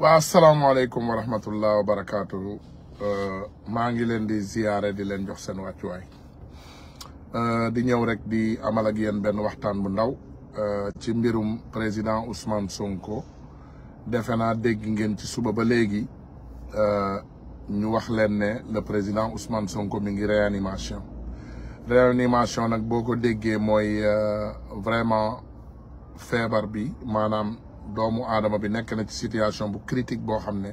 waa asalaamaaleykum wa rahmatullah wa barakaatu uh, maa ngi leen di ziyaare di leen jox seen wàccuwaay uh, di ñëw rek di amal ak yéen benn waxtaan bu ndaw uh, ci mbirum président Ousmane Sonko defe naa dégg ngeen ci suba ba léegi ñu wax leen ne le président Ousmane Sonko mi ngi réanimation réanimation nag boo ko déggee mooy vraiment feebar bi maanaam. doomu aadama bi nekk na ci situation bu critique boo xam ne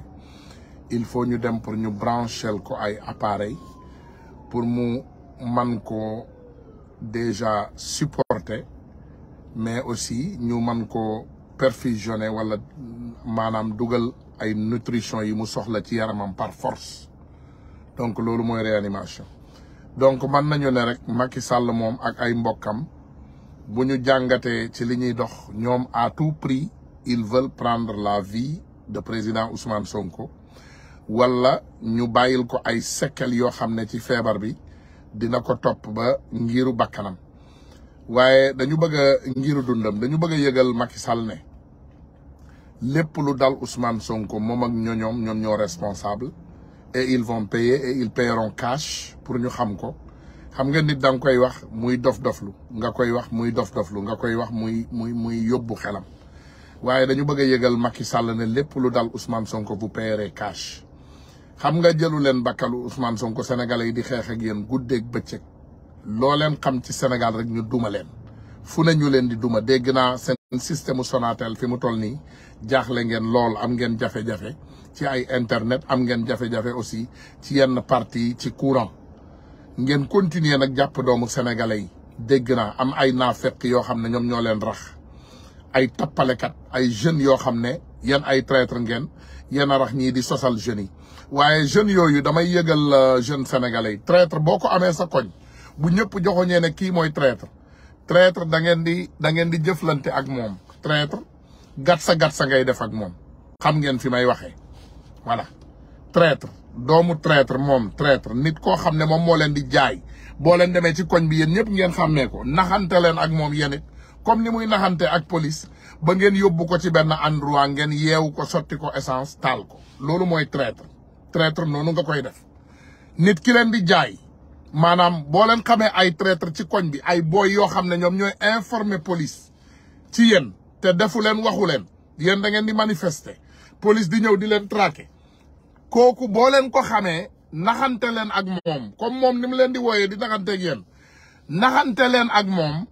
il faut ñu dem pour ñu branchel ko ay appareil pour mu man ko déjà supporter mais aussi ñu man ko perfusionner wala maanaam dugal ay nutrition yi mu soxla ci yaramam par force donc loolu mooy réanimation donc mën nañu ne rek maki Sall moom ak ay mbokkam bu ñu jàngatee ci li ñuy dox ñoom à tout prix ils veulent prendre la vie de président Ousmane Sonko walla ñu bàyyil ko ay sekkal yoo xam ne ci feebar bi dina ko topp ba ngiru bakkanam waaye dañu bëgg a dundam dañu bëgg yëgal Macky Sall ne lépp lu dal Ousmane Sonko moom ak ñoo ñoom ñoo responsable et ils vont payer et ils paieront cash pour ñu xam ko xam nga nit da nga koy wax muy dof doflu nga koy wax muy dof doflu nga koy wax muy muy muy yóbbu xelam waaye dañu bëgg a yëgal Macky Sall ne lépp lu dal Ousmane Sonko bu payeree cash xam nga jëlu leen bakkalu usmaan Sonko sénégalais yi di xeex ak yéen guddeeg bëccëg loo leen xam ci Sénégal rek ñu duma leen fu ne ñu leen di duma dégg naa seen système Sonatel fi mu toll nii jaaxle ngeen lool am ngeen jafe-jafe ci ay internet am ngeen jafe-jafe aussi ci yenn parti ci courant ngeen continuer nag jàpp doomu sénégalais yi dégg naa am ay naafeq yoo xam ne ñoom ñoo leen rax. ay tappalekat ay jeunes yoo xam ne yéen ay traître ngeen yéen a rax ñii di sosal jeunes yi waaye jeune yooyu damay yëgal euh, jeune sénégalais yi traître boo ko amee sa koñ bu ñëpp joxoñee ne kii mooy traître traître da ngeen di da ngeen di jëflante ak moom traître gat sa sa ngay def ak moom xam ngeen fi may waxee voilà traître doomu traître moom traître nit koo xam ne moom moo leen di jaay boo leen demee ci koñ bi yéen ñëpp ngeen xàmmee ko naxante leen ak moom yéen comme ni muy naxante ak police ba ngeen yóbbu ko ci benn endroit ngeen yeewu ko sotti ko essence taal ko loolu mooy traitre traître noonu nga koy def nit ki leen di jaay maanaam boo leen xamee ay traître ci koñ bi ay booy yoo xam ne ñoom ñooy informer police ci yéen te defu leen waxu leen yéen da ngeen di manifester police di ñëw di leen traquer kooku boo leen ko xamee naxante leen ak moom comme moom ni mu leen di wooyee di naxanteeg yéen naxante leen ak moom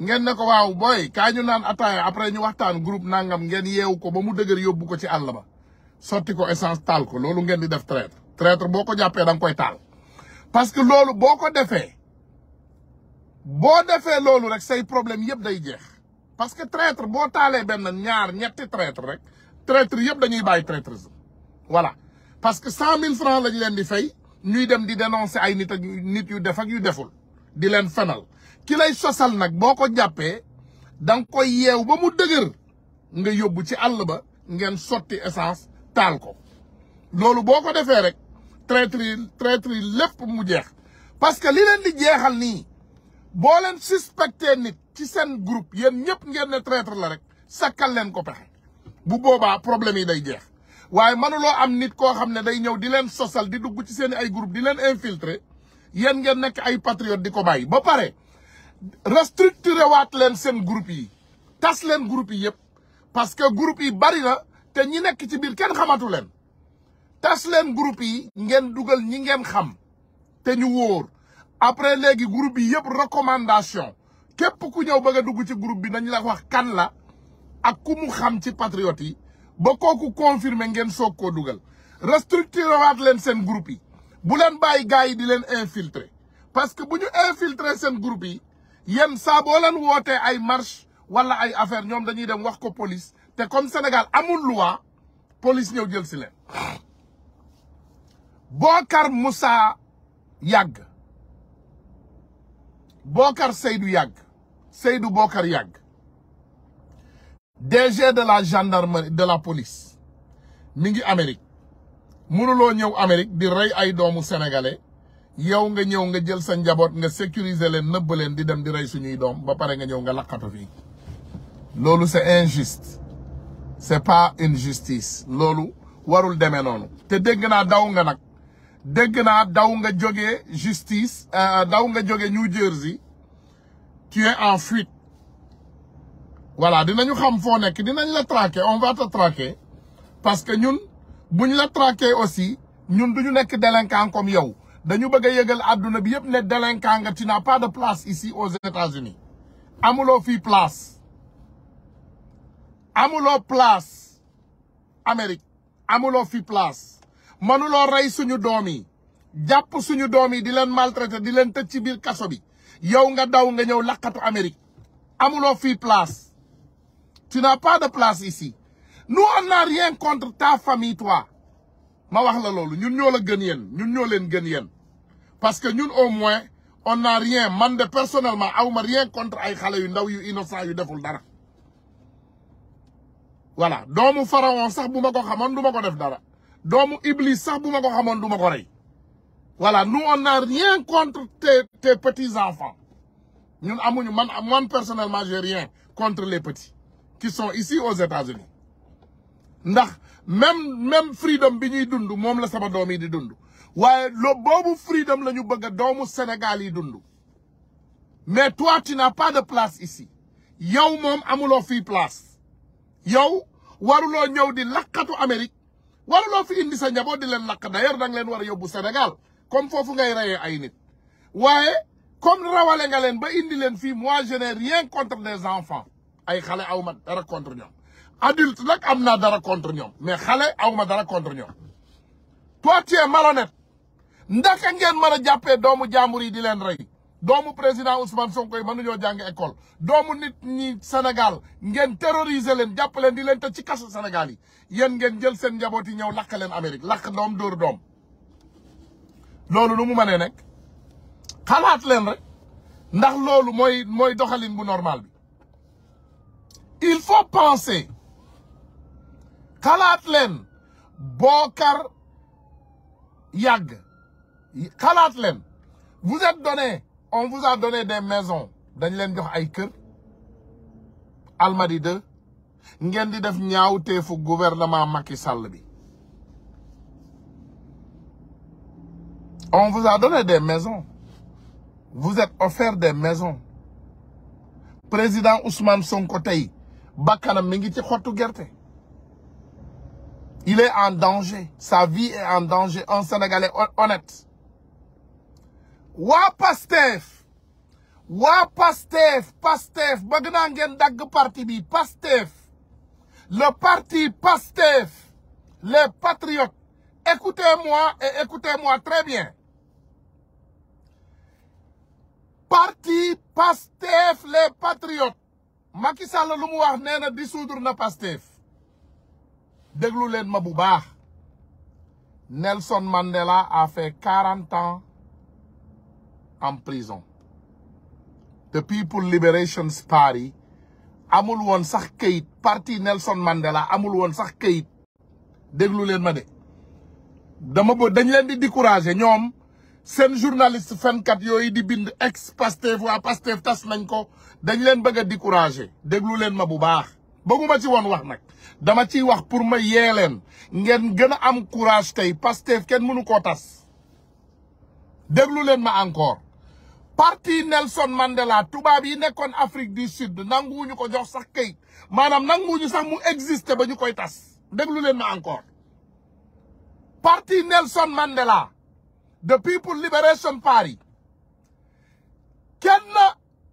ngeen ne ko waaw booy kaa ñu naan ataaya après ñu waxtaan groupe nangam ngeen yeewu ko ba mu dëgër yóbbu ko ci àlla ba sotti ko essence taal ko loolu ngeen di def traître traître boo ko jàppee da koy taal parce que loolu boo ko defee boo defee loolu rek say problème yëpp day jeex parce que traître boo taalee benn ñaar ñetti traître rek traître yëpp dañuy bàyyi traîtrise voilà parce que cent mille francs lañ leen di fay ñuy dem di dénoncer ay nit ak nit yu def ak yu deful di leen fenal ki lay sosal nag boo ko jàppee da nga koy yeew ba mu dëgër nga yóbbu ci àll ba ngeen sotti essence taal ko loolu boo ko defee rek traître yi traître yi lépp mu jeex parce que li leen di jeexal nii boo leen suspecté nit ci seen groupe yéen ñëpp ngeen ne traître la rek sakkal leen ko pexe bu boobaa problème yi day jeex waaye mënuloo am nit koo xam ne day ñëw di leen sosal di dugg ci seen ay groupe di leen infiltrer yéen ngeen nekk ay patriote di ko bàyyi ba pare restructuré waat leen seen groupe yi tas leen groupe yi yëpp parce que groupe yi bari na te ñi nekk ci biir kenn xamatu leen tas leen groupe yi ngeen dugal ñi ngeen xam te ñu wóor après léegi groupe yi yëpp recommandation képp ku ñëw bëgg a dugg ci groupe bi nañu la wax kan la ak ku mu xam ci patriote yi ba kooku confirmer ngeen soog koo dugal restructuré waat leen seen groupe yi bu leen bàyyi gars yi di leen infiltrer parce que bu ñu infiltrer seen groupe yi yéen saa boo wootee ay marche wala ay affaire ñoom dañuy dem wax ko police te comme Sénégal amul loi police ñëw jël si leen Bocar yàgg boo Bocar Seydou yàgg boo Bocar yàgg DG de la gendarmerie de la police mi ngi Amérique mënuloo ñëw Amérique di rey ay doomu sénégalais yow nga ñëw nga jël sa njaboot nga sécuriser leen nëbb leen di dem di rey ñuy doom ba pare nga ñëw nga laqatu fii loolu c'est injuste c'est pas une justice loolu warul demee noonu te dégg naa daw nga nag dégg naa daw nga jógee justice euh, daw nga jóge New Jersey tu en fuite voilà dinañu xam foo nekk dinañ la traquer on va te parce que ñun buñ la traquer aussi ñun ñu nekk délinquant comme yow dañu bëgg a yëgal àdduna bi yëpp ne délinquant nga tu n'as pas de place ici aux États-Unis amuloo fii place amuloo place Amérique amuloo fii place mënuloo rey suñu doom yi jàpp suñu doom yi di leen maltraité di leen tëj ci biir kaso bi yow nga daw nga ñëw laqatu Amérique amuloo fii place tu n'as pas de place ici nous on n'a rien contre ta famille toi ma wax la loolu ñun ñoo la gën yéen ñun ñoo leen gën yéen parce que ñun au moins on n'a rien man de personnellement awma rien contre ay xale yu ndaw yu innocent yu deful dara voilà doomu pharaon sax bu ma ko xamoon du ma ko def dara doomu iblis sax bu ma ko xamoon du ma ko rey voilà nous on n'a rien contre tes tes petits enfants ñun amuñu man man personnellement j'ai rien contre les petits qui sont ici aux États-Unis ndax même même freedom bi ñuy dund moom la sama doom yi di dund waaye loo boobu freedom la ñu bëgg a doomu Sénégal yi dund mais toi tu n'as pas de place ici yow moom amuloo fii place yow waruloo ñëw di lakkatu Amérique waruloo fi indi sa njaboot di leen lakk d'ailleurs da nga leen war a yóbbu Sénégal comme foofu ngay reye ay nit waaye comme rawale nga leen ba indi leen fii moi je n'ai rien contre des enfants ay xale aw ma dara contre ñoom adulte nag am naa dara contre ñoom mais xale aw ma dara contre ñoom toi tu es ndaka ngeen mën a jàppee doomu jàmbur yi di leen rey doomu président Ousmane Sonko yi mënuñoo jàng école doomu nit ñi Sénégal ngeen terroriser leen jàpp leen di leen tëj ci kaso Sénégal yi yéen ngeen jël seen njaboot yi ñëw lakk leen Amérique lakk doom dóor doom loolu lu mu mënee nekk xalaat leen rek ndax loolu mooy mooy doxalin bu normal bi il faut penser xalaat leen kar yàgg kalaat leen vous êtes donné on vous a donné des maisons dañ leen jox ay kër Almadies 2 ngeen di def ñaaw ñaawteefu gouvernement Macky Sall bi on vous a donné des maisons vous êtes offert des maisons président Ousmane Sonko tey bakkanam mi ngi ci xottu gerte il est en danger sa vie est en danger un Sénégalais honnête waa Pastef waa Pastef bëgg naa ngeen dagg parti bi Pastef le parti Pastef les patriotes écoutez-moi et écoutez-moi très bien parti Pastef les patriotes Macky Sall lu mu wax nee na dissoudre na Pastef déglu ma bu baax Nelson Mandela a fait quarante ans en prison the People Liberation Party amul woon sax kayit parti Nelson Mandela amul woon sax kayit déglu leen ma de dama bo dañ leen di décourager ñoom seen journaliste fenkat yooyu di bind ex Pastef waa Pastef tas nañ ko dañ leen bëgg a décourager déglu leen ma bu baax bëgguma ci woon wax nag dama ciy wax pour ma yee leen ngeen gën a am courage tey Pastef kenn mënu koo tas déglu leen ma encore parti Nelson Mandela tubaab yi nekkoon Afrique du Sud nanguwuñu ko jox sax kayit maanaam nanguwuñu sax mu exister ba ñu koy tas déglu leen ma encore parti Nelson Mandela the People Liberation Party kenn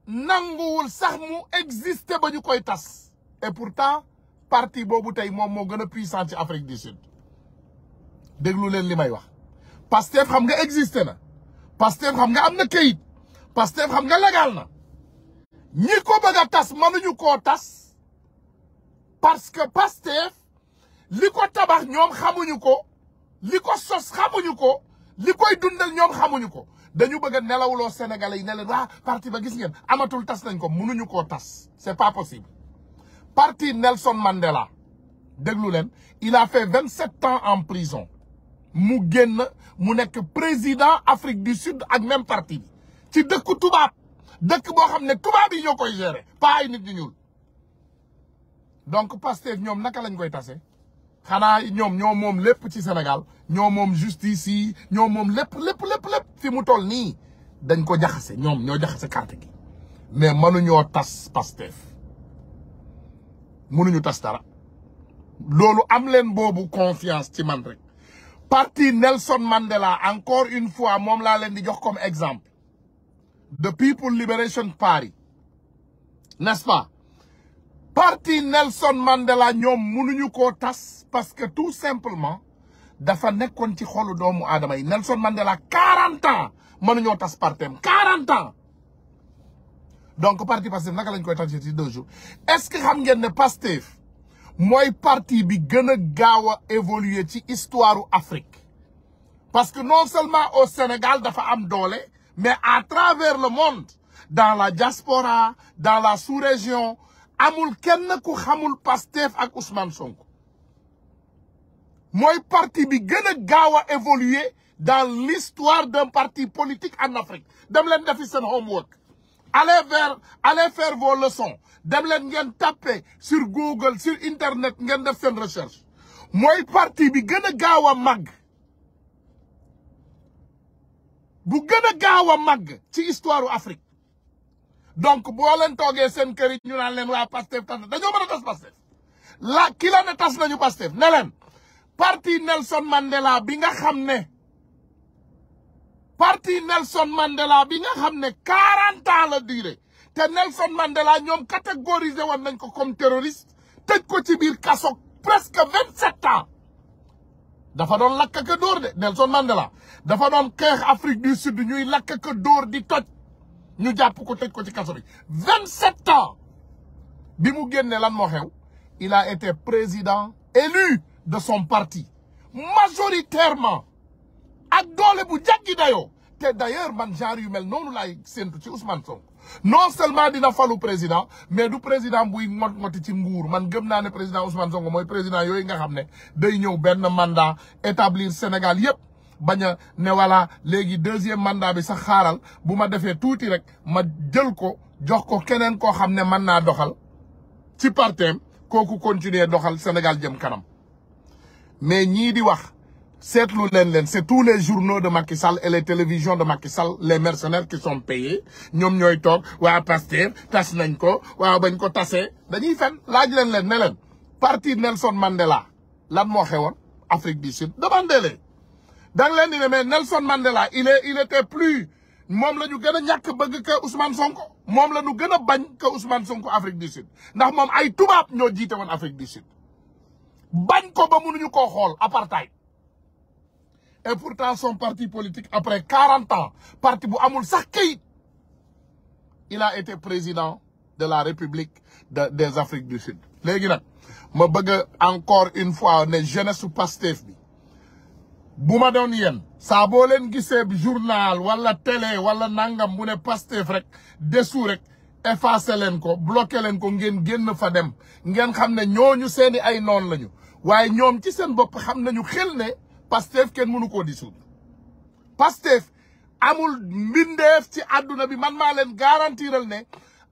nanguwul sax mu exister ba ñu koy tas et pourtant parti boobu tey moom moo gën a puissant ci Afrique du Sud déglu leen li may wax Pastef xam nga exister na Pastef xam nga am na kayit Pastef xam nga légal na ñi ko bëgg a tas mënuñu ko tas parce que Pastef li ko tabax ñoom xamuñu ko li ko sos xamuñu ko li koy dundal ñoom xamuñu ko dañu bëgg a nelawloo Sénégalais yi ne leen waa parti ba gis ngeen amatul tas nañ ko mënuñu koo tas c'est pas possible parti Nelson Mandela déglu leen il a fait vingt sept ans en prison mu génn mu nekk président Afrique du Sud ak même parti ci dëkk tubaab dëkk boo xam ne tubaab yi ñoo koy gérer pas ay nit ñu ñuul donc Pastef ñoom naka lañ koy tase xanaa ñoom ñoo moom lépp ci Sénégal ñoo moom justice yi ñoo moom lépp lépp lépp lépp fi mu toll nii dañ ko jaxase ñoom ñoo jaxase carte gi mais mënuñoo tas Pastef mënuñu tas dara loolu am leen boobu confiance ci man rek parti Nelson Mandela encore une fois moom laa leen di jox comme exemple the People Liberation Party n'est-ce pas parti Nelson Mandela ñoom mënuñu koo tas parce que tout simplement dafa nekkoon ci xolu doomu aadama yi Nelson Mandela 40 ans mënuñoo tas partem 40 ans donc parti Pastef naka lañ koy tasee ci deux jours est-ce que xam ngeen ne Pastef mooy parti bi gën a gaaw a évoluer ci histoire Afrique parce que non seulement au Sénégal dafa am doole. mais à travers le monde dans la diaspora dans la sous-région amul kenn ku xamul Pastef ak Ousmane mooy parti bi gën a gaaw a évoluer dans l'histoire d'un parti politique en Afrique dem leen defi seen homework allez vers allez faire vos leçons dem leen ngeen taper sur Google sur internet ngeen def seen recherche mooy parti bi gën a gaaw a màgg bu gën a gaaw a màgg ci histoire Afrique donc boo walleen toogee seen kër yi ñu naan leen waa Pastef tas dañoo mën a tas Pastef la ki la ne tas nañu Pastef ne leen parti Nelson Mandela bi nga xam ne parti Nelson Mandela bi nga xam ne 40 ans la durée te Nelson Mandela ñoom catégorisé woon nañ ko comme terroriste tëj ko ci biir kaso presque 27 ans. dafa doon lakk ak dóor de Nelson Mandela dafa doon xeex Afrique du Sud ñuy lakk ak dóor di toj ñu jàpp ko tëj ko ci kaso bi vingt sept ans bi mu génne lan moo xew il a été président élu de son parti majoritairement ak doole bu jàggi dayoo te d'ailleurs man genre yu mel noonu laay séntu ci Ousmane Sonko non seulement dina falu président mais du président buy ngot-ngoti ci nguur man gëm naa ne président Ousmane Sonko mooy président yooyu nga xam ne day ñëw benn mandat établir Sénégal yépp bañ a ne voilà léegi deuxième mandat bi sax xaaral bu ma defee tuuti rek ma jël ko jox ko keneen koo xam ne mën naa doxal ci parteem kooku continuer doxal Sénégal jëm kanam mais ñii di wax seetlu leen leen c'est tous les journaux de Macky Sall et les télévisions de Macky Sall les mercenaires qui sont payés ñoom ñooy toog waa Pastef tas nañ ko waaw bañ ko tasee dañuy fen laaj leen leen ne leen parti Nelson Mandela lan moo xewoon Afrique du Sud demandez-les da nga leen di me mais Nelson Mandela il est il était plus moom la ñu gën a ñàkk bëgg que Ousmane Sonko moom la ñu gën a bañ que Ousmane Sonko Afrique du Sud ndax moom ay tubaab ñoo jiite woon Afrique du Sud ko ba mënuñu koo xool apartheid et pourtant son parti politique après quarante ans parti bu amul sax kayit il a été président de la République de des Afriques du Sud léegi nag ma bëgg encore une fois ne jeunesse su Pastef bi bu ma doon yéen saa leen gisee journal wala télé wala nangam bu ne Pastef rek desu rek effacé leen ko bloqué leen ko ngeen génn fa dem ngeen xam ne ñooñu seeni ay noon lañu waaye ñoom ci seen bopp xam nañu xel ne Pastef kenn mënu koo dissoudre Pastef amul mbindeef si àdduna bi man maa leen garantiral ne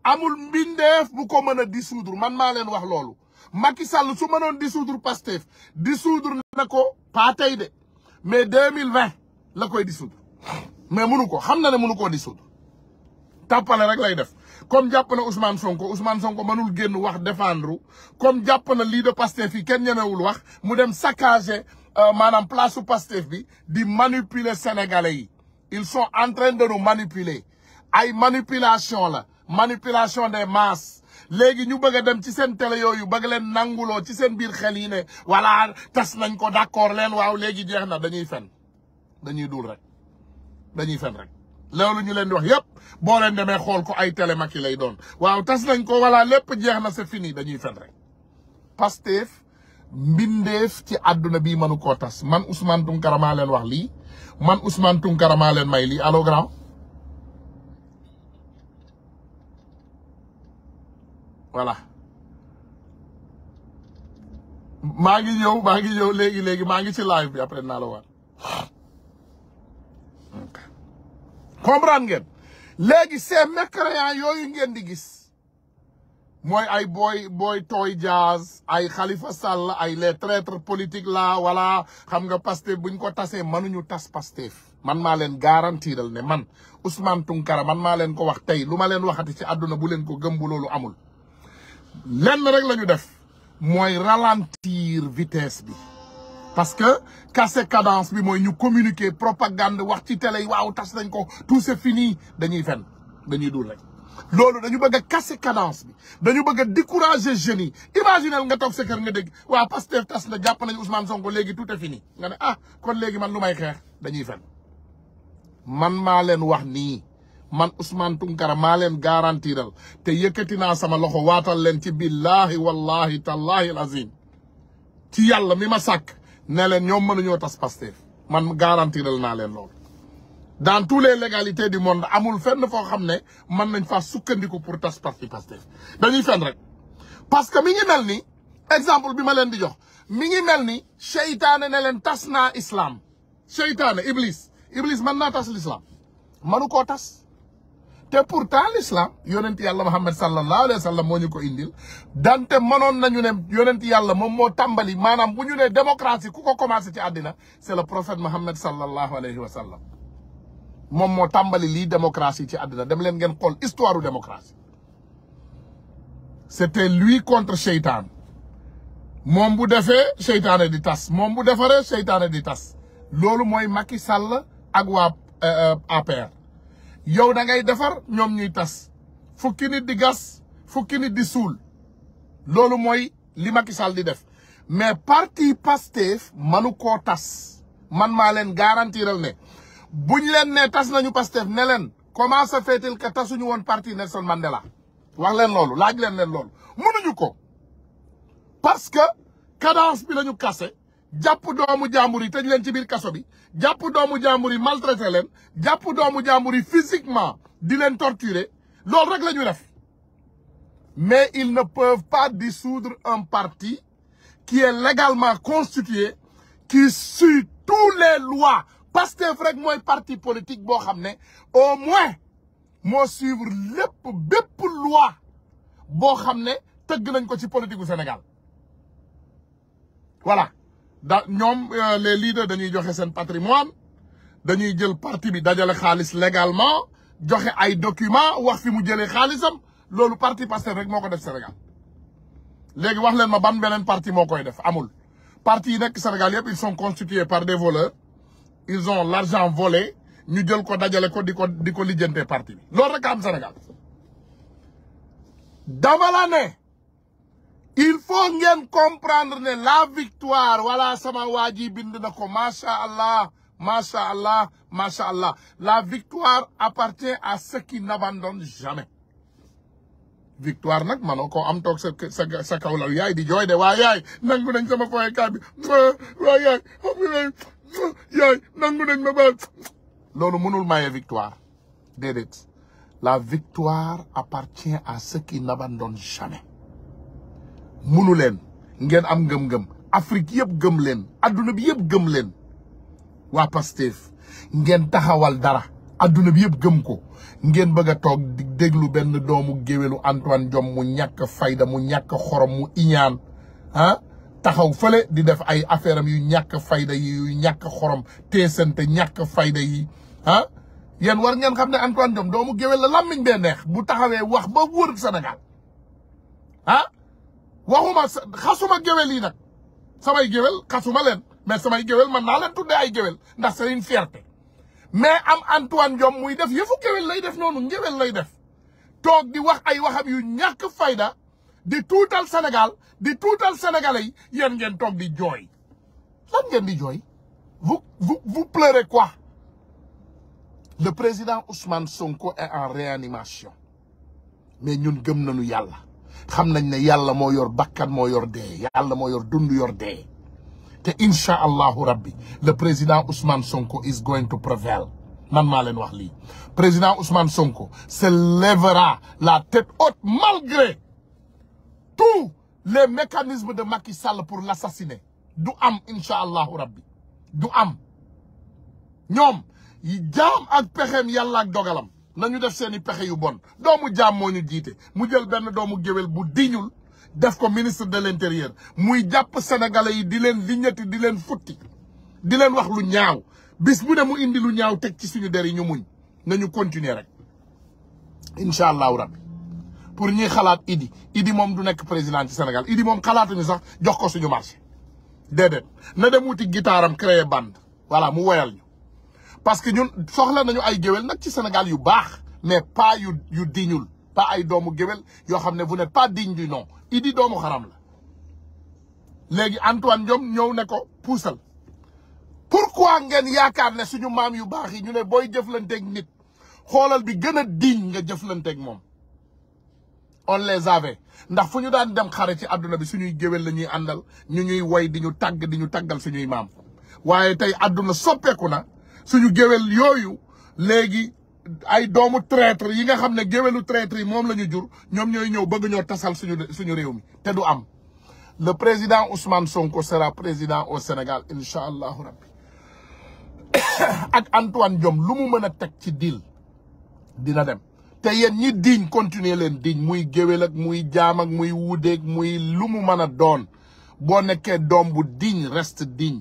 amul mbindeef bu ko mën a dissoudre man maa leen wax loolu Macky Sall su mënoon dissoudre Pastef dissoudre na ko pas tey de mais deux mille vingt la koy dissoudre mais mënu ko xam na ne mënu koo dissoudre tàppale rek lay def comme jàpp na Ousmane Sonko Ousmane Sonko mënul génn wax défendre comme jàpp na lii de Pastef yi kenn ñemewul wax mu dem saccager Euh, maanaam place su Pastef bi di manipuler sénégalais yi ils sont en train de ay manipulation la manipulation des masses léegi ñu bëgg a dem ci seen télé yooyu bëgg leen nanguloo ci seen biir xel yi ne voilà tas nañ ko d'accord leen waaw léegi jeex na dañuy fen dañuy dul rek dañuy fen rek loolu ñu leen di wax yëpp boo leen demee xool ko ay télé Macky lay doon waaw tas nañ ko voilà lépp jeex na c'est fini dañuy fen rek mbindeef ci àdduna bi mënu koo tas man Ousmane Tounkara maa wax lii man Ousmane Tounkara maa may lii alo grand voilà maa ngi ñëw maa ngi ñëw léegi léegi maa ngi ci live bi après naa la waat ngeen léegi ces mécréants yooyu ngeen di gis mooy ay booy booy tooy jaas ay Khalifa Sall ay les traîtres politiques la wala xam nga Pastef buñ ko tasee mënuñu tas Pastef man maa leen garantiral ne man Ousmane Tounkara man maa leen ko wax tey lu ma leen waxati ci àdduna bu leen ko gëm bu loolu amul lenn rek la ñu def mooy ralentir vitesse bi parce que casser cadence bi mooy ñu communiquer propagande wax ci télé yi waaw tas nañ ko tout c'est fini dañuy fen dañuy dul rek loolu dañu bëgg a casser cadence bi dañu bëgg a décourager jeunes yi imaginel nga toog sa nga dégg waa Pastef tas na jàpp nañu Ousmane Sonko léegi tout est fini nga ne ah kon léegi man lu may xeex dañuy fen man maa leen wax ni man Ousmane Tounkara maa leen garantiral te yëkkati naa sama loxo waatal leen ci billahi wallahi tallahi alazim ci yàlla mi ma sàkk ne leen ñoom mënuñoo tas Pastef man garantiral naa leen lool dans tous les légalités du monde amul fenn foo xam ne man nañ faa sukkandiku pour tas parti Pastef dañuy fenn rek parce que mi ngi mel ni exemple bi ma leen di jox mi ngi mel ni seytaane ne leen tas naa islam seytaane iblis iblis mën na tas l'islam mënu koo tas te pourtant l'islam yonent yàlla Muhammad sallallahu alayhi wa sallam moo ñu ko indil dante mënoon nañu ne yonent yàlla moom moo tàmbali maanaam bu ñu ne démocratie ku ko commencé ci àddina c'est le prophète Muhammad sallallahu alayhi wa sallam moom moo tàmbali lii démocratie ci àddina dem leen ngeen xool histoire u démocratie c'était lui contre seytaan moom bu defee seytaane di tas moom bu defaree seytaane di tas loolu mooy Macky Sall ak waa euh, APR yow da ngay defar ñoom ñuy tas fukki nit di gas fukki nit di suul loolu mooy li Macky Sall di def mais parti Pastef manu koo tas man maa leen garantiral ne buñ leen ne tas nañu Pastef ne leen comment se fait-il woon parti Nelson Mandela wax leen loolu laaj leen leen loolu mënuñu ko parce que cadence bi lañu kase jàpp doomu jàmbur yi tëj leen ci biir kaso bi jàpp doomu jàmbur yi maltraité leen jàpp doomu jàmbur yi physiquement di leen torturer loolu rek la ñu def mais ils ne peuvent pas dissoudre un parti qui est légalement constitué qui suit toutes les lois Pastef rek mooy parti politique boo xam ne au moins moo suivre lépp bépp loi boo xam ne tëgg nañ ko ci politique bu Sénégal voilà da ñoom euh, les leaders dañuy joxe seen patrimoine dañuy jël parti bi dajale xaalis légalement joxe ay document wax fi mu jëlee xaalisam loolu parti Pastef rek moo ko def Sénégal léegi wax leen ma ban beneen parti moo koy def amul parti yi nekk Sénégal yëpp ils sont constitués par des voleurs ils ont l'argent volé ñu jël ko dajale ko di ko di ko lijjante parti bi loolu rek am Sénégal dama ne il faut ngeen comprendre ne la victoire wala sama waa ji bind ko macha allah macha allah macha allah la victoire appartient à ceux qui n'abandonnent jamais victoire nag manoo koo am toog sa sa yaay di jooy de waa nangu nañ sama foyekaay bi waa yaay xam nga yaay nangu nañ ma loolu mënul maye victoire déedéet la victoire appartient à ceux qui n'abandonnent jamais munu leen ngeen am ngëm-ngëm Afrique yëpp gëm leen adduna bi yëpp gëm leen waa Pastef ngeen taxawal dara adduna bi yëpp gëm ko ngeen bëgg a toog di déglu benn doomu géwélu Antoine Diome mu ñàkk fayda mu ñàkk xorom mu iñaan ah taxaw fale di def ay affaire am yu ñàkk fayda yi yu ñàkk xorom teesante ñàkk fayda yi ah yéen war ngeen xam ne Antoine Diome doomu géwél la làmmiñ bee neex bu taxawee wax ba wër Sénégal ah waxuma xasuma géwél yi nag samay géwél xasuma leen mais samay géwél mën naa leen tuddee ay géwél ndax c'est une mais am Antoine Diome muy def yëfu géwél lay def noonu ngéwél lay def toog di wax ay waxam yu ñàkk fayda di tuutal Sénégal di tuutal sénégalais yi yéen ngeen toog di jooy lan ngeen di jooy vous vous vous pleurez quoi le président Ousmane Sonko est en réanimation mais ñun gëm nañu yàlla xam nañ ne yàlla moo yor bakkan moo yor dee yàlla moo yor dund yor dee te incha allahu rabbi le président Ousmane Sonko is going to prevail man maa leen wax lii président Ousmane Sonko se lèvera la tête haute malgré tous les mécanismes de makki sàll pour l'assassiner du am incha allahu rabbi du am ñoom jaam ak pexeem yàlla ak dogalam nañu def seeni pexe yu bon doomu jaam moo ñu jiite mu jël benn doomu géwél bu diñul def ko ministre de l'intérieur muy jàpp sénégalais yi di leen liñati di leen futti di leen wax lu ñaaw bis mu ne mu indi lu ñaaw teg ci suñu der yi ñu muñ nañu continuer rek incha allahu rabbi pour ñuy xalaat Idi Idi moom du nekk président ci Sénégal Idi moom xalaatuñu sax jox ko suñu marché déedéet na dem wuti gitaaram créer bande voilà mu woyal ñu parce que ñun soxla nañu ay géwél nag ci Sénégal yu baax mais pas yu yu diñul pas ay doomu géwél yoo xam ne bu n'êtes pas digne du nom Idi doomu xaram la léegi Antoine Diome ñëw ne ko puusal pourquoi ngeen yaakaar ne suñu maam yu baax yi ñu ne booy jëflanteeg nit xoolal bi gën a diñ nga jëflanteeg moom on les avait ndax fu ñu daan dem xare ci àdduna bi suñuy géwél la ñuy àndal ñu ñuy woy di ñu tàgg di ñu tàggal suñuy maam waaye tey àdduna soppeeku na suñu géwél yooyu léegi ay doomu traître yi nga xam ne géwélu traître yi moom la ñu jur ñoom ñooy ñëw bëgg ñoo tasal suñu suñu réew mi te du am le président Ousmane Sonko sera président au Sénégal incha allahu rabbi ak Antoine jom lu mu mën a teg ci diil dina dem te yéen ñi diñ continuer leen diñ muy géwél ak muy jaam ak muy wuudeeg muy lu mu mën a doon boo nekkee doom bu diñ reste diñ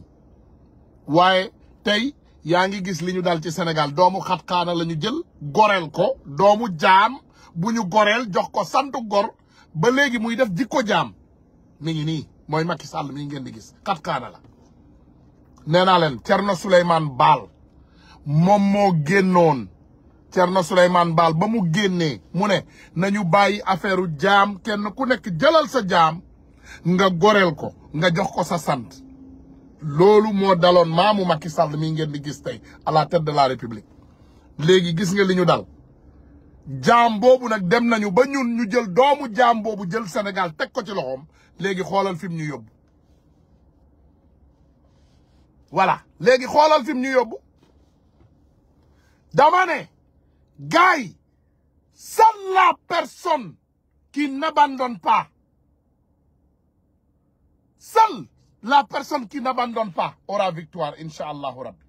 waaye tey yaa ngi gis li ñu dal ci senegal doomu xatxaana la ñu jël goreel ko doomu jaam bu ñu goreel jox ko sant gor ba léegi muy def jikko jaam mi ngi nii mooy Macky sàll mi ngeen di gis xatxaana la nee naa leen Thierno Souleymane Baal moom moo génnoon Cerno Souleymane Baal ba mu génnee mu ne ñu bàyyi affaire jaam kenn ku nekk jëlal sa jaam nga goreel ko nga jox ko sa sant loolu moo daloon maamu Macky Sall mi ngeen di gis tey à la tête de la République léegi gis nga li ñu dal jaam boobu nag dem nañu ba ñun ñu jël doomu jaam boobu jël senegal teg ko ci loxoom léegi xoolal fi mu ñu yóbbu voilà léegi xoolal fi mu ñu yóbbu dama gars yi seule la personne qui n'abandonne pas seule la personne qui n'abandonne pas aura victoire incha allahu rabbi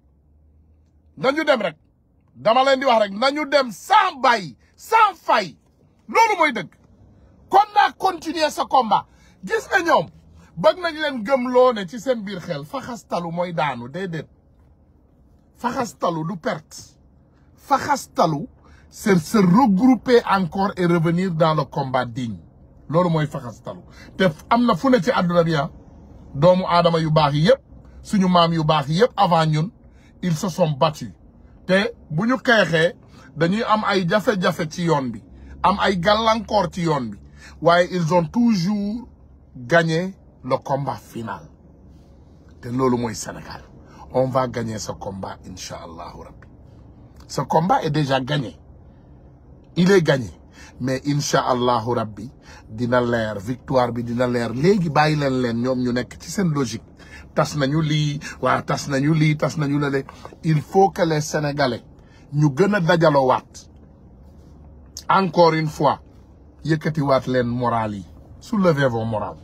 nañu dem rek dama leen di wax rek nañu dem sans bàyyi sans fay loolu mooy dëgg kon naa continuer sa combat gis nga ñoom bëgg nañ leen gëmloo ne ci seen biir xel faxastalu mooy daanu déedéet faxastalu du perte faxastalu c'est se regrouper encore et revenir dans le combat digne loolu mooy faxastalu te am na fu ne ci àdduna bi ah, doomu aadama yu baax yi yëpp suñu maam yu baax yëpp avant ñun ils se sont battus te bu ñu xeexee dañuy am ay jafe-jafe ci yoon bi am ay gàllankoor ci yoon bi waaye ils ont toujours gagné le combat final te loolu mooy Sénégal on va gagner ce combat incha allahu rabbi ce combat est déjà gagné il est gagné mais incha allahu bi dina leer victoire bi dina leer léegi bàyyi leen leen ñoom ñu nekk ci seen logique tas nañu lii waa tas nañu lii tas nañu lale il faut que les senegale ñu gën a dajaloo waat encore une fois yëkkati waat leen moral yi soulevez vos moral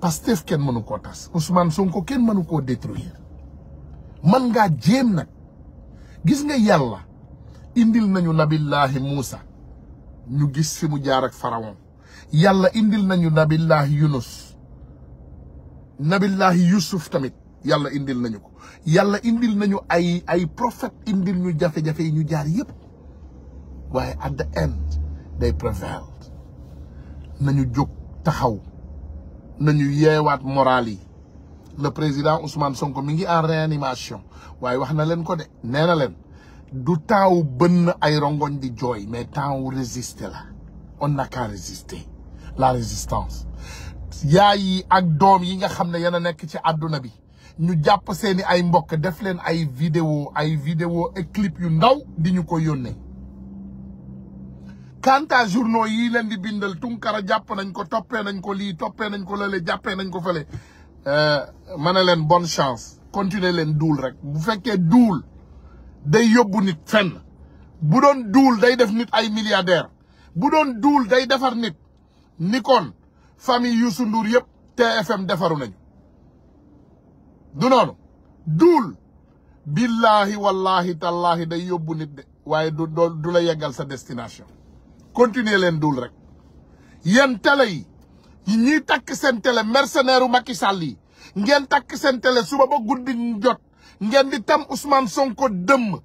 Pastef kenn mënu ko tas Ousmane Sonko kenn mënu koo détruire man ngaa jéem nag gis nga yàlla indil nañu nabillahi Moussa ñu gis fi mu jaar ak pharaon yàlla indil nañu nabillahi yunus nabillahi yusuf tamit yàlla indil nañu ko yàlla indil nañu ay ay prophète indil ñu jafe-jafe yi ñu jaar yépp waaye at the end they prevailed nañu jóg taxaw nañu yeewaat moral yi le président Ousmane Sonko mi ngi en réanimation waaye wax na leen ko de nee leen du temps wu bënn ay rongoñ di jooy mais temps u résister la on n'a qu'à résister la résistance yaay yi ak doom yi nga xam ne yen a nekk ci àdduna bi ñu jàpp seeni ay mbokk def leen ay vidéo ay vidéo et yu ndaw di ñu ko yónnee quant à journaux yi leen di bindal Tunkara jàpp nañ ko toppee nañ ko lii toppee nañ ko lële jàppee nañ ko fële euh, ma ne leen bonne chance continuer leen duul rek bu fekkee duul day yóbbu nit fenn bu doon duul day def nit ay milliardaire bu doon duul day defar nit ni kon famille Youssou Ndour yëpp TFM defaru nañu du noonu duul billahi wallahi tallahi day yóbbu nit de waaye du du la yeggal sa destination continuer leen duul rek yéen télé yi ñi ñuy takk seen télé mercenaire u Macky Sall yi ngeen takk seen télé suba ba guddi jot ngeen di tam Ousmane Sonko dëmm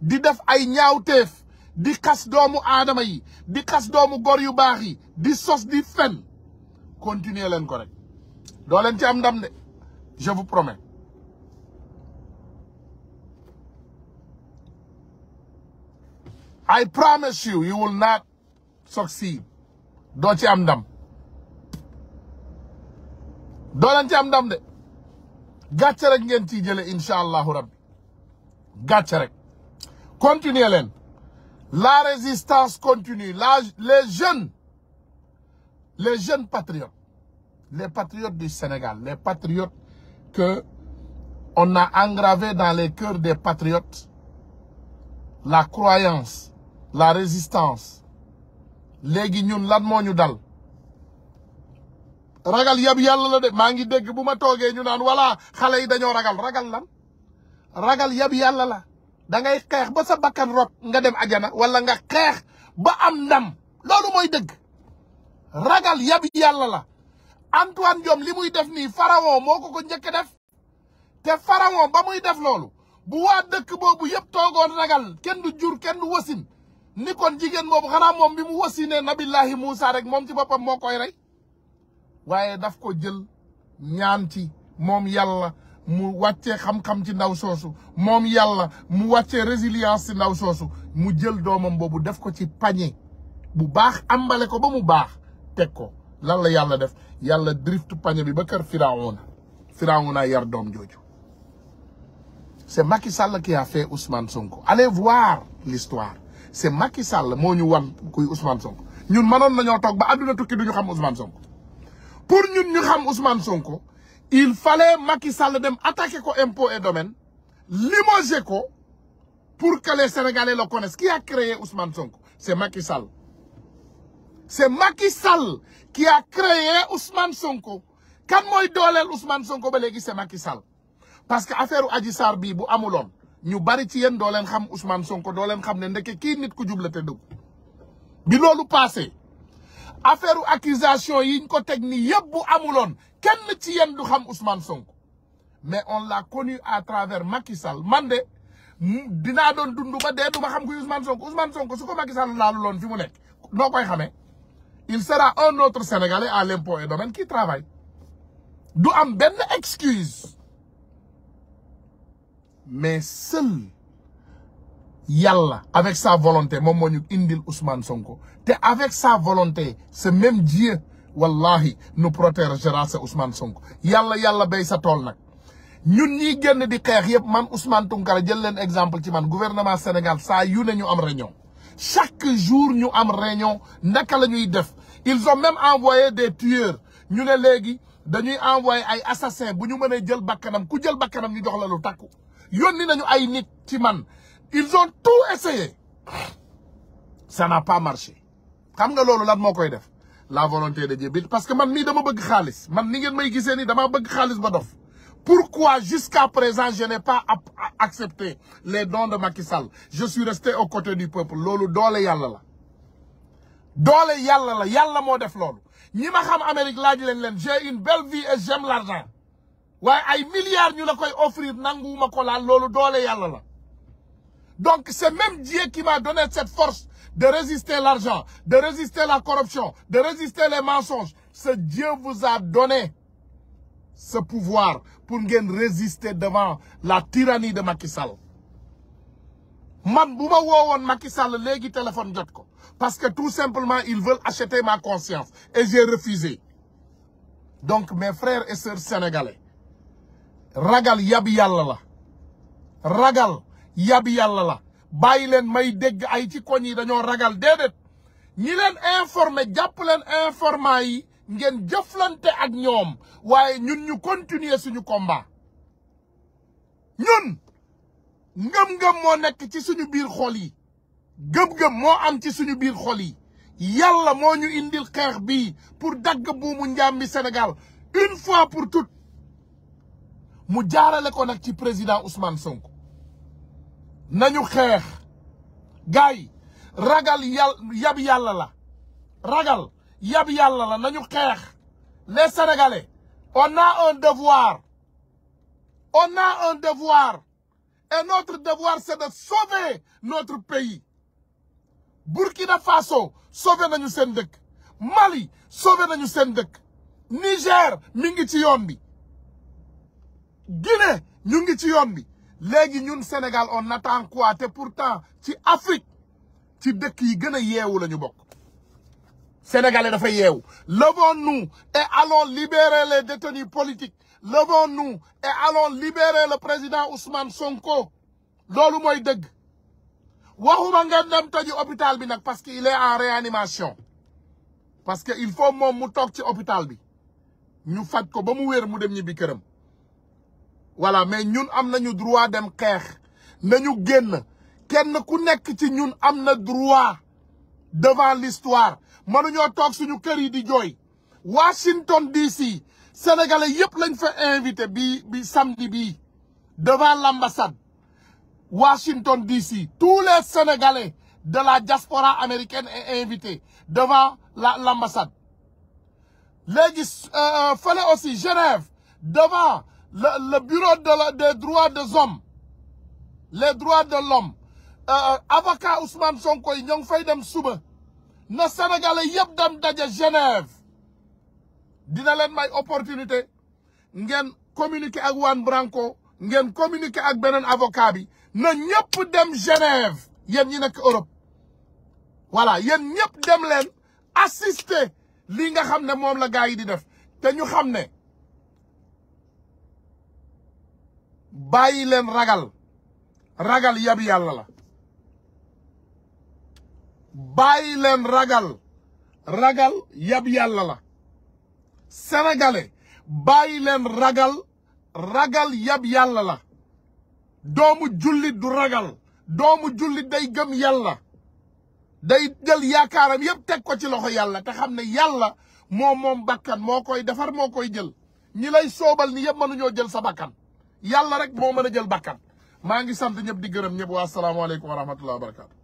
di def ay ñaawteef di xas doomu aadama yi di xas doomu gor yu baax yi di sos di fen continuer leen ko rek doo leen ci am ndam de je vous promets I promise you you will not succeed doo ci am ndam doo leen ci am ndam de gàcce rek ngeen ciy jële incha allahu rabbi gàcce rek continuer leen la résistance continue la les jeunes les jeunes patriotes les patriotes du Sénégal les patriotes que on a engravé dans les cœurs des patriotes la croyance la résistance léegi ñun lan moo ñu dal ragal yab yàlla la de maa ngi dégg bu ma toogee ñu naan wala xale yi dañoo ragal ragal lan ragal yab yàlla la da ngay xeex ba sa bakkan rot nga dem ajana wala nga keex ba am ndam loolu mooy dëgg ragal yab yàlla la Antoine Diome li muy def nii pharaon moo ko ko njëkk def te pharaon ba muy def loolu bu waa dëkk boobu yëpp toogoon ragal kenn du jur kenn du wasin ni kon jigéen boobu xanaa moom bi mu wasinee nabillahi Moussa rek moom ci boppam moo koy rey waaye daf ko jël ñaan ci moom yàlla mu wàccee xam-xam ci ndaw soosu moom yàlla mu wàccee résilience ci ndaw soosu mu jël doomam boobu def ko ci pañe bu baax ambale ko ba mu baax teg ko lan la yàlla def yàlla drift pañe bi ba kër Firawuna Firawuna yar doom jooju c'est Macky Sall qui a fait Ousmane Sonko allez voir l'histoire c'est Macky Sall moo ñu wan kuy Ousmane Sonko ñun mënoon nañoo toog ba àdduna tukki duñu xam Ousmane Sonko pour ñun ñu xam Ousmane Sonko il fallait Macky Sall dem attaquer ko impôt et domaine limoger ko pour que les Sénégalais le connaissent qui a créé Ousmane Sonko c'est Macky Sall c'est Macky Sall qui a créé Ousmane Sonko kan mooy dooleel Ousmane Sonko ba léegi c'est Macky Sall parce que affaire aji Sarr bii bu amuloon ñu bari ci yéen doo leen xam Ousmane Sonko doo xam ne ndeke kii nit ku jubla te dëgg bi loolu passé affaire accusation yi ñu ko teg ni yëpp bu amuloon kenn ci yéen du xam Ousmane Sonko mais on l'a connu à travers Macky Sall man de dinaa doon dund ba dee du ma xam kuy Ousmane Sonko Ousmane Sonko su ko Macky Sall laaluloon fi mu nekk noo koy xamee il sera un autre Sénégalais à l'impôt et domaine qui travaille du am benn excuse mais seul yàlla avec sa volonté moom moo ñu indil Ousmane Sonko te avec sa volonté ce même Dieu wallahi nous protégera sa Ousmane Sonko yàlla yàlla béy sa tool nag. ñun ñiy génn di xeex yëpp man Ousmane Tounkara jël leen exemple ci man gouvernement Sénégal sa yu ne ñu am réunion chaque jour ñu am réunion naka la ñuy def ils ont même envoyé des tueurs ñu ne léegi dañuy envoyé ay assassins bu ñu mënee jël bakkanam ku jël bakkanam ñu jox la lu takku yónni nañu ay nit ci man. ils ont tout essayé ça n'a pas marché xam nga loolu lan moo koy def la volonté de Dieu parce que man mii dama bëgg xaalis man ni ngeen may gisee ni damaa bëgg xaalis ba dof pourquoi jusqu'à présent je n'ai pas accepté les dons de Macky Sall je suis resté aux côtés du peuple loolu doole yàlla la doole yàlla la yàlla moo def loolu ñi ma xam Amérique laaj leen leen j'ai une belle vie et j'aime l'argent waaye ay milliards ñu la koy offrir nanguwuma ko laal loolu doole yàlla la Donc c'est même Dieu qui m'a donné cette force de résister l'argent, de résister la corruption, de résister les mensonges. Ce Dieu vous a donné ce pouvoir pour ngeen résister devant la tyrannie de Macky Sall. man bu ma woowoon Macky Sall léegi téléphone jot ko parce que tout simplement ils veulent acheter ma conscience et j'ai refusé. donc mes frères et sœurs sénégalais ragal yab yàlla la ragal. yabi yàlla la bàyyi leen may dégg ay ci koñ yi dañoo ragal déedéet ñi leen informé jàpp leen yi ngeen jaflante ak ñoom waaye ñun ñu continuer suñu combat ñun ngëm-ngëm moo nekk ci suñu biir xol yi gëm-gëm moo am ci suñu biir xol yi yàlla moo ñu indil xeex bi pour dagg buumu njaam bi Sénégal une fois pour toutes mu jaarale ko nag ci président Ousmane Sonko nañu xeex gars yi ragal yal yab yàlla la ragal yab yàlla la nañu xeex les sénégalais on a un devoir on a un devoir et notre devoir c'est de sauver notre pays Burkina Faso sauver nañu seen dëkk Mali sauver nañu seen dëkk Niger mi ngi ci yoon bi Guinée ñu ngi ci yoon bi léegi ñun Sénégal on attend quoi te pourtant ci Afrique ci dëkk yi gën a yeewu lañu ñu bokk Sénégalais dafa yeewu levons-nous et allons libérer les détenus politiques levons-nous et allons libérer le président Ousmane Sonko loolu mooy dëgg waxuma nga dem tëju hôpital bi nag parce que il est en réanimation parce que il faut moom mu toog ci hôpital bi ñu faj ko ba mu wér mu dem ñibbi këram voilà mais ñun am nañu droit dem xeex nañu génn kenn ku nekk ci ñun am na droit devant l'histoire mënuñoo toog suñu kër yi di jooy Washington DC sénégalais yëpp lañ fa invité bi bi samedi bii devant l'ambassade Washington DC tous les sénégalais de la diaspora américaine est invité devant la l'ambassade léegi euh, euh, fële aussi Genève devant la le bureau de la, de droits des hommes les droits de l'homme euh, euh, avocat Ousmane Sonko yi ñoo ngi fay dem suba na sénégalais yëpp dem daje Genève dina leen may opportunité ngeen communiqué ak Juan Branco ngeen communiqué ak beneen avocat bi na ñëpp dem Genève yéen ñi nekk Europe voilà yéen ñëpp dem leen assister li nga xam ne moom la gars yi di def te ñu xam ne bàyyi leen ragal ragal yab yàlla la bàyyi leen ragal ragal yab yàlla la sénégalais bàyyi leen ragal ragal yab yàlla la doomu jullit du ragal doomu jullit day gëm yàlla day jël yaakaaram yëpp teg ko ci loxo yàlla te xam ne yàlla moom moom bakkan moo koy defar moo koy jël ñi lay soobal ni yëpp mënuñoo jël sa bakkan yàlla rek moo mën a jël bakkan maa ngi sant ñëpp di gërëm ñëpp waa asalaamaaleykum wa rahmatullahi wa barakatu